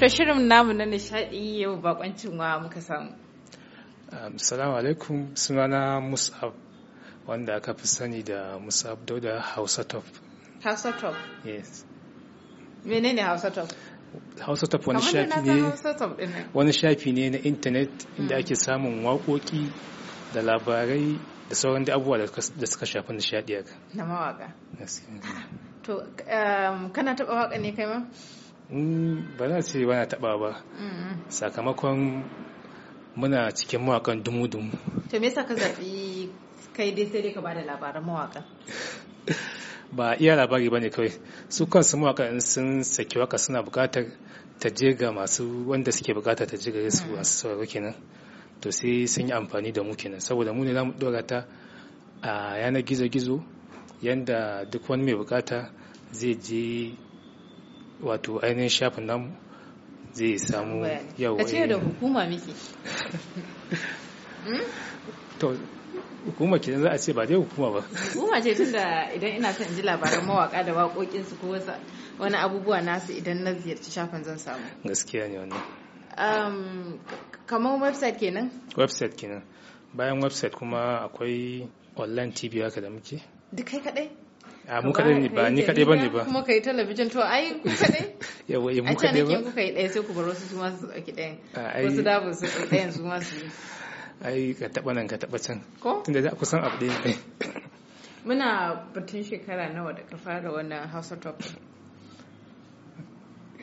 To shirin namu na nishadi yau bakoncin wa muka samu. Assalamu um, alaikum sunana Mus'ab wanda aka fi sani da Mus'ab Dauda Hausa Top. Hausa Top? Yes. Menene Hausa Top? Hausa Top wani shafi ne wani shafi ne na intanet inda hmm. ake samun waƙoƙi da labarai da sauran da abubuwa da suka shafi nishadi aka. Na mawaka. To um, kana taɓa waƙa ne kai ma? ba za ce ba na taba ba mm-hmm. sakamakon muna cikin mawakan dumu-dumu to me yasa ka zaɓi kai dai sai dai ka bada labaran mawakan ba iya labari ba ne kawai su kansu mawakan sun saki waka suna bukatar ta je ga masu wanda suke bukatar ta je ga su mm-hmm. masu sauraro kenan to sai sun yi amfani da mu kenan saboda mu ne za mu dora ta a yanar gizo-gizo yanda duk wani mai bukata zai je wato ainihin shafin namu zai samu yau ka ce da hukuma miki hmm? to hukuma ke za a ce ba dai hukuma ba hukuma ce tun da idan ina son ji labaran mawaka da waƙoƙinsu su ko wani abubuwa nasu idan na ziyarci shafin zan samu gaskiya ne wannan um, kamar website kenan website kenan bayan website kuma akwai online tv haka da muke duk kai kadai a mu kadai ne ba ni kadai bane ba kuma kai talabijin to ai ku kadai yawa eh, mu kadai ba a kuka yi ɗaya sai ku bar wasu su ma su ɗauki ɗayan wasu da ba su ɗayan su ma su ai ka taɓa nan ka taɓa can ko tunda za ku san abu ɗaya ne muna batun shekara nawa da ka fara wannan hausa top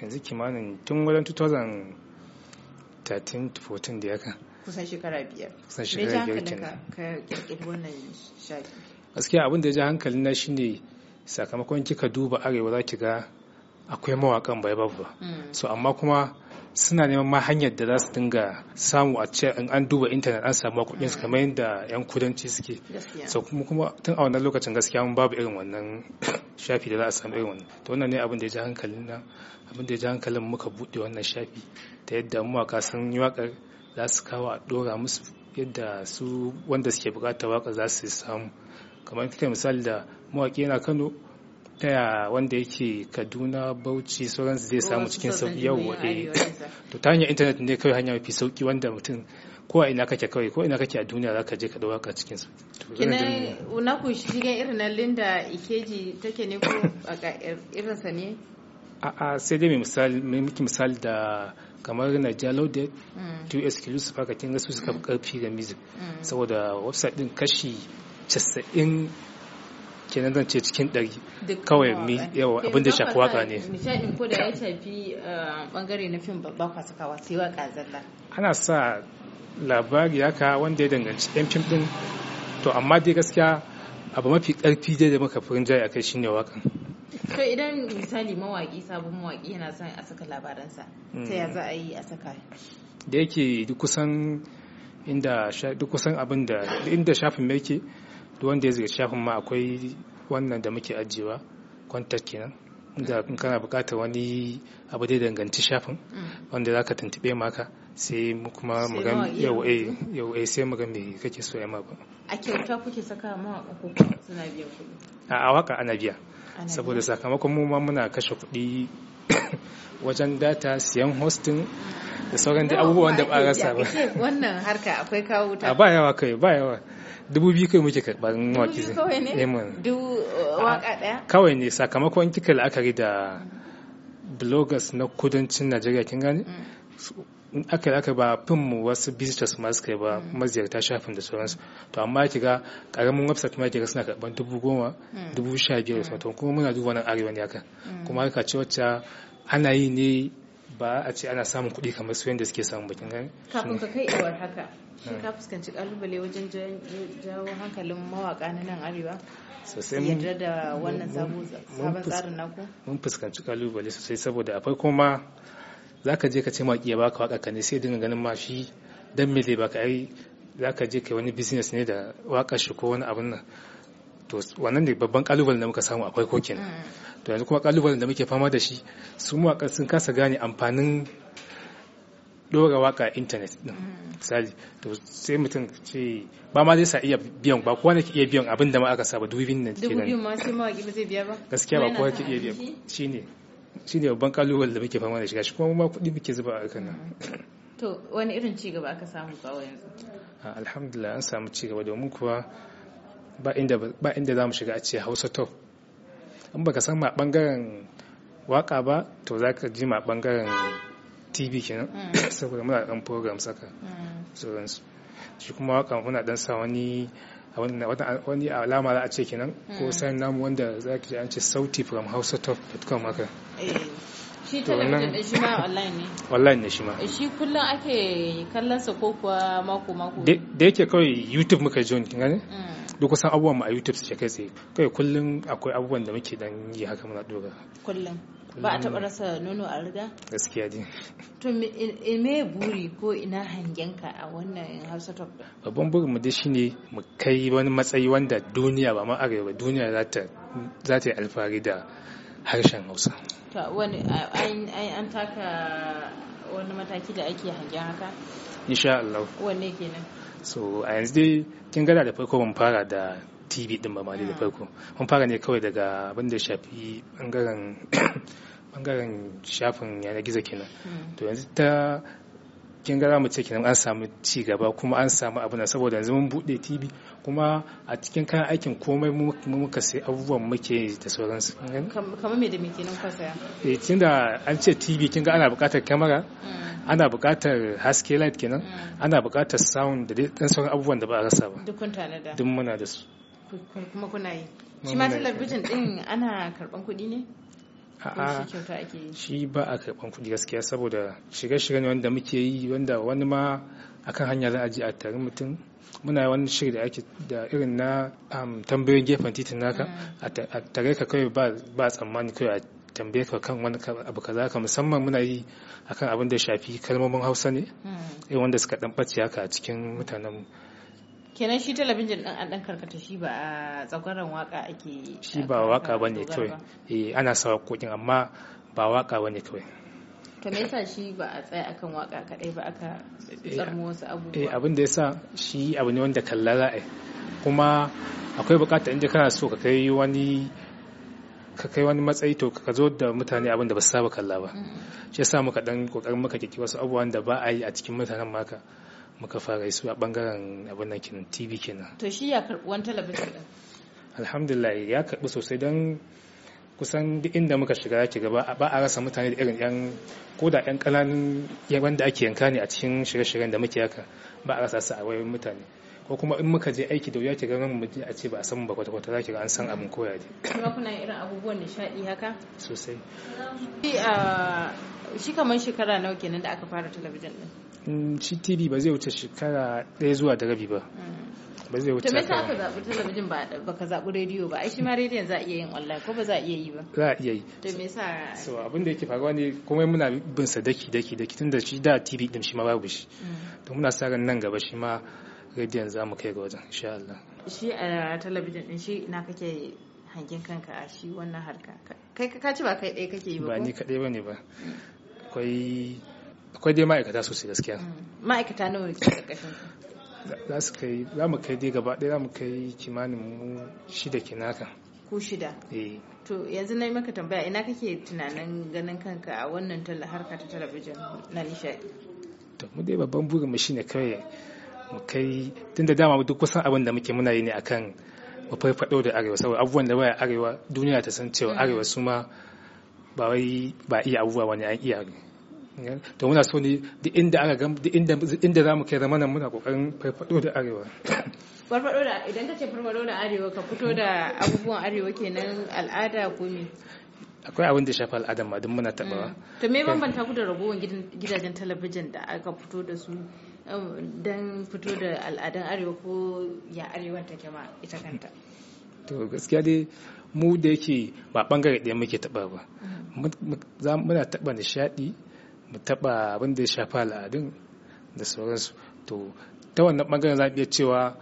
yanzu kimanin tun wajen 2013-14 da ya kan kusan shekara biyar kusan shekara biyar kenan ka kirkiri wannan shafi gaskiya abin da ya ja hankali na shine sakamakon kika duba arewa za ki ga akwai mawakan bai babba mm. so amma kuma suna neman ma hanyar da za su dinga samu a ce in an duba intanet an samu kuɗin su mm. kamar yadda yan kudanci suke so kuma kuma tun a wannan lokacin gaskiya mun babu irin wannan shafi da za a samu irin wannan to wannan ne abin da ya ji hankalin na abin da ya ji hankalin muka buɗe wannan shafi ta yadda mawaka sun yi waƙar za su kawo a ɗora musu yadda su wanda suke buƙatar waƙar za su samu kamar kika misali da mawaƙi yana kano taya wanda yake kaduna bauchi sauransu zai samu cikin sauki yau eh to ta hanyar intanet ne kawai hanya mafi sauki wanda mutum ko ina kake kawai ko ina kake a duniya za ka je ka dauka cikin su kina na ku shigen irin nan Linda Ikeji take ne ko a irin sa ne a sai dai mai misali mai miki misali da kamar na Jalaudet mm. to exclusive haka kin ga su suka karfi mm. da music mm. saboda website din kashi 90 kenan zan ce cikin ɗari kawai mi yawa abin da shafi waka ne nishadin ko da ya shafi bangare eh, na fim babba kwa sakawa sai waka zalla ana sa labari haka wanda ya danganci yan fim din to amma dai gaskiya abu mafi karfi dai da muka furin jari akai shine wakan to idan misali mawaki sabon mawaki yana son a saka labaransa ta ya hmm. za a yi a saka da yake duk kusan inda duk kusan abin da inda shafin mai yake duk wanda ya zai shafin ma akwai wannan da muke ajiyewa kwantar kenan da kana buƙatar wani abu da danganci shafin mm. wanda za ka tuntube maka sai mu kuma mu ga yau eh yau eh sai mu ga me kake so ya ma ba a kyauta kuke saka ma ko suna biya kuɗi a waka ana biya saboda sakamakon mu ma muna kashe kuɗi wajen data siyan hosting da sauran da abubuwan da ba rasa ba wannan harka akwai kawo ta ba yawa kai ba yawa dubu biyu kai muke karɓar waki zai kawai ne eh, dubu uh, waka ɗaya kawai ne sakamakon kika la'akari da bloggers na kudancin najeriya kin gane mm. in aka aka ba fin mu wasu visitors masu kai ba mm. maziyarta shafin da sauransu to amma ki ga karamin website ma ki ga suna karban dubu goma mm. dubu sha biyar da sauransu kuma muna duba nan arewa ne haka kuma haka ce wacce ana yi ne ba a ce ana samun kuɗi kamar su yadda suke samun bakin gani kafin ka kai iwar haka shi hmm. ka fuskanci kalubale wajen jawo hankalin mawaka na nan arewa sosai yadda da wannan sabon tsarin naku mun fuskanci kalubale sosai saboda akwai kuma zaka je ka ce mawaki ya baka waka ka ne sai dinga ganin ma shi dan me zai baka ai zaka je kai wani business ne da waka shi ko wani abun nan to wannan ne babban kalubalen da muka samu akwai kokin mm. to yanzu kuma kalubalen da muke fama da shi su mawaƙa sun kasa gane amfanin dora waka a intanet din mm. misali to sai mutum ce ba ma zai sa iya biyan ba kowa ne ke iya biyan abin da ma aka saba dubu biyun ke nan dubu ma sai ba zai biya ba gaskiya ba kowa ke iya biya shine shine babban kalubalen da muke fama da shi gashi kuma ma kuɗi muke zuba a kan nan mm. to wani irin cigaba aka samu kawo yanzu alhamdulillah an samu cigaba domin kuwa ba inda za mu shiga a ce hausa to in baka san ma bangaren waka ba to za ka ji ma bangaren tv kenan mm. saboda muna dan program saka mm. sauransu shi kuma waka muna dan sa wani wani alama za a ce kenan ko mm. sayan namu wanda za ki an ce sauti from Hausa hausa.com maka eh, shi talabijin da shi ma online ne online ne shi ma eh, shi kullum ake kallon sa ko kuwa mako mako da yake kawai youtube muka ji wani gane duk kusan abubuwan mu a YouTube suke kai tsaye kai kullum akwai abubuwan da muke dan yi haka muna doga kullum ba a taɓa rasa nono a riga gaskiya din to eh, eh, me buri ko ina hangenka a wannan Hausa Top babban burin mu dai shine mu kai wani matsayi wanda duniya ba ma arewa duniya za ta za ta yi alfahari da harshen Hausa to wani an taka wani mataki da ake hangen haka insha Allah wanne kenan so a yanzu dai kin gada da farko mun fara da tv din ba ma da hmm. farko mun fara ne kawai daga abin da shafi bangaren bangaren shafin yanar gizo kenan hmm. to yanzu ta kin gada mu ce kenan an samu ci gaba kuma an samu abu na saboda yanzu mun bude TV kuma a cikin kayan aikin komai mu muka sai abubuwan muke da sauransu kamar me da me kenan kwasa eh tunda an ce TV kin ga ana buƙatar kamera hmm. ana buƙatar haske light kenan mm. ana buƙatar sound da dan sauran abubuwan da ba a rasa ba duk muna da su kuma kuna yi shi ma talabijin din ana karban kuɗi ne a'a shi ba a karban kuɗi gaskiya saboda shirye-shirye ne wanda muke yi wanda wani ma akan hanya za a ji a tare mutum muna yi wani shirya da ake da irin na tambayoyin gefen titin naka mm. a tare ka kawai ba tsammani kawai tambaye ka kan wani abu kaza ka musamman muna yi akan abin da shafi kalmomin hausa ne eh wanda suka dan bace haka a cikin mutanen mu kenan shi talabijin din an dan karkata shi ba a tsagwaron waka ake shi ba waka bane kawai eh ana sawa kokin amma ba waka bane kawai to me yasa shi ba a tsaya akan waka kadai ba aka eh, tsarmo wasu abubuwa eh abin da yasa shi abu ne wanda kallara ra'ayi kuma akwai bukatar inda kana so ka kai wani ka kai wani matsayi to ka zo da mutane abin da ba su saba kalla ba mm. shi yasa muka dan kokarin muka kike wasu abubuwan da ba a yi a cikin mutanen maka muka fara su a bangaren abin nan kin TV kenan to shi ya karbuwan talabijin alhamdulillah ya karbi sosai dan kusan duk inda muka shiga yake gaba ba a rasa mutane da irin yan koda yan kananun wanda ake yanka ne a cikin shirye-shiryen da muke haka ba a rasa su a wayoyin mutane ko kuma in muka je aiki da wuya ki ganin mu a ce ba a san ba kwata kwata zaki ga an san abin koya ne kuma kuna irin abubuwan nishadi haka sosai shi ah, kamar shekara nawa kenan da aka fara talabijin din mm, shi TV ba zai wuce shekara ɗaya zuwa da rabi ba mm. ba zai wuce haka ba. zaɓi talabijin ba ka zaɓi rediyo ba, ai shi ma rediyon za a iya yin online ko ba za a iya yi ba. Za a iya yi. To me yasa? So abin da yake faruwa ne kuma muna bin sa daki daki daki tunda shi da TV din shi ma babu shi. Mm. To muna sa ran nan gaba shi ma rediyon za mu kai ga wajen insha Allah shi a eh, talabijin din shi ina kake hangin kanka a shi wannan harka kai ka ci ba kai ɗaya kake yi ba ba ni kaɗai ba ne ba akwai akwai dai ma'aikata sosai gaskiya mm. ma'aikata nawa ne ke ƙarƙashin za su kai za mu kai dai gaba ɗaya za mu kai kimanin mu shida naka ku shida eh to yanzu na yi maka tambaya ina kake tunanin ganin kanka a wannan harka ta talabijin na nishaɗi to mu dai babban burin mu shine kawai mu kai tunda dama duk kusan abin da muke muna yi ne akan mu faifado da arewa saboda abubuwan da baya arewa duniya ta san cewa arewa su ma ba wai ba iya abubuwa wani an iya to muna so ne duk inda aka gan duk inda inda zamu kai nan muna kokarin farfado da arewa farfado da idan ce farfado da arewa ka fito da abubuwan arewa kenan al'ada ko me akwai abin da shafa al'adar ma duk muna taɓawa mm. to me bambanta ku da ragowar gidajen talabijin da aka fito da su Um, don fito da al'adun arewa ko ya arewa ta ma ita kanta to gaskiya dai mu da yake ba bangare ɗaya muke taɓa ba mm-hmm. muna taɓa nishaɗi mu taɓa abin da ya shafa al'adun da sauransu to ta wannan bangaren za iya cewa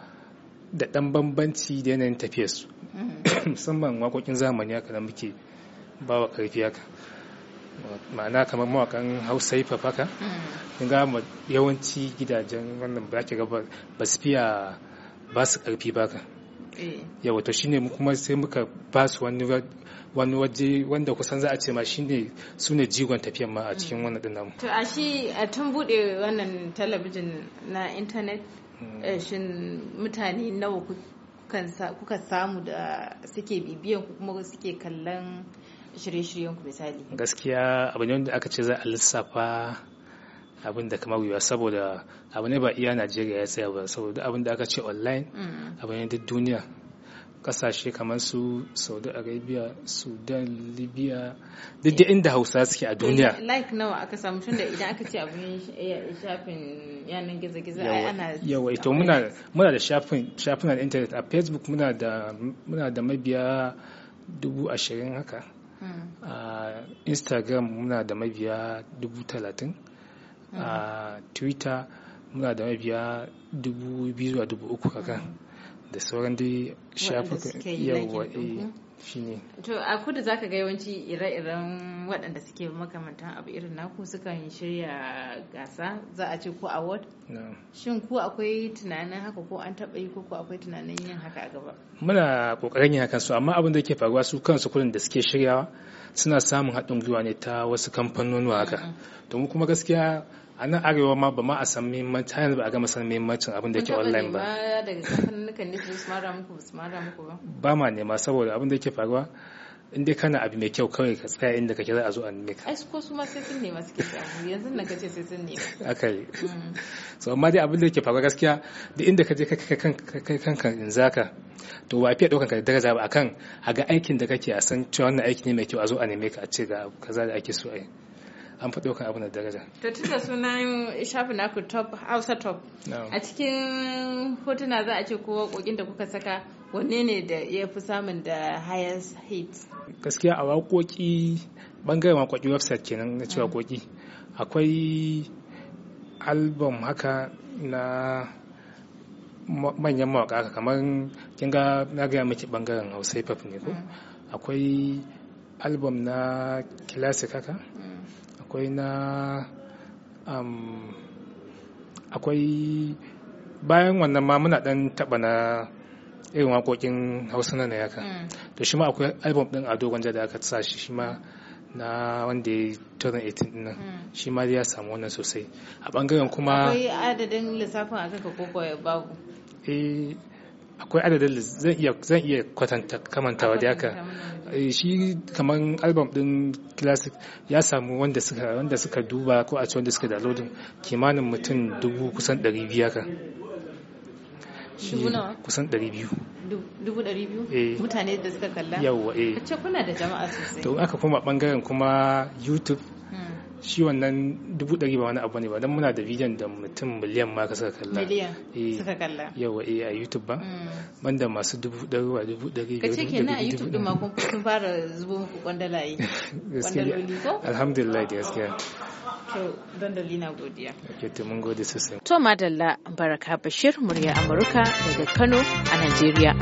da ɗan bambanci da yanayin tafiyarsu mm-hmm. musamman waƙoƙin zamani haka da muke bawa wa ƙarfi haka ma'ana kamar mawakan hausa fa faka mm. ga yawanci gidajen wannan ba ki gaba ba su fiya ba su karfi ba ka eh. yawa to shine kuma sai muka ba su wani waje wanda kusan za a ce ma shine su ne jigon tafiyan ma a mm. cikin wannan din namu to a shi a tun bude wannan talabijin na intanet mm. eh, shin mutane nawa kuka samu da suke bibiyan ku kuma suke kallon shirye-shiryen ku misali gaskiya abu ne wanda aka ce za a lissafa abin da kamar yiwa saboda abu ne ba iya najeriya ya tsaya ba saboda abin da aka ce online mm. abu ne duk duniya kasashe kamar su saudi arabia sudan libya duk da inda hausa suke a duniya eh, like nawa aka samu tun da idan aka ce abin shafin yanar gizo-gizo ai ana yawa ito muna muna da shafin shafin na internet a facebook muna da muna da mabiya dubu ashirin haka Hmm. a instagram muna da mabiya dubu talatin hmm. a twitter muna da mabiya dubu biyu zuwa dubu uku a kan hmm. da sauran dai yau yawa to a kudu zaka ga yawanci ire-iren waɗanda suke makamantan abu irin naku sukan shirya gasa za a ce ko award shin ko akwai tunanin haka ko an taɓa yi ko akwai tunanin yin haka a gaba muna kokarin yin hakan su amma abin da ke faruwa su kansu kudin da suke shiryawa suna samun haɗin gwiwa ne ta wasu kamfanonuwa haka to kuma gaskiya a nan arewa ma ba ma a san muhimmanci har yanzu ba a gama san muhimmancin abin da yake online ba ba ma nema saboda abin da yake faruwa in dai kana abu mai kyau kawai ka tsaya inda kake za a zo a neme ka ai ko su ma sai sun nema suke samu yanzu na kace sai sun nema akai mm. so amma dai abin da yake faruwa gaskiya duk inda ka je ka kai kanka in zaka to wa fiye daukan ka daraja ba akan a ga aikin da kake a san cewa wannan aiki ne mai kyau a zo a neme ka a ce ga kaza da ake so a yi an fi ɗaukar abu na daraja to tun da sunan shafi naku top hausa top a cikin hotuna za a ce kowa kokin da kuka saka wanne ne da ya fi samun da highest hit gaskiya a waƙoƙi bangaren waƙoƙi website kenan na cewa mm. waƙoƙi akwai album haka na manyan mawaƙa kamar kin ga na gaya miki bangaren hausa hip ne ko mm. akwai album na classic haka mm. akwai na akwai bayan wannan ma muna dan taba na irin waƙoƙin hausa na na yaka mm. to shi ma akwai album din ado gwanja da aka sa shi shi ma na wanda ya turin 2018 nan mm. shi ma ya samu wannan sosai a bangaren kuma akwai adadin lissafin a kaka koko ya babu eh akwai adadin da zan iya kwatanta kamantawa da haka eh, shi kamar album din classic ya samu wanda suka wanda suka duba ko a ci wanda suka downloading kimanin mutum dubu kusan ɗari biyu haka shi kusan ɗari biyu dubu ɗari biyu eh. mutane da suka kalla yawwa eh kuna da jama'a sosai to aka kuma bangaren kuma youtube shi wannan dubu ɗari ba wani abu ne ba don muna da bidiyon da mutum miliyan ma ka suka kalla miliyan eh, suka kalla yawa eh a youtube ba mm. banda masu dubu ɗari ba dubu ɗari ka ce kenan a youtube ɗin makon kun sun fara zubo muku kwandalaye kwandaloli ko alhamdulillah da gaskiya to dandali na godiya okay to mun gode sosai to madalla baraka bashir murya amurka daga kano a najeriya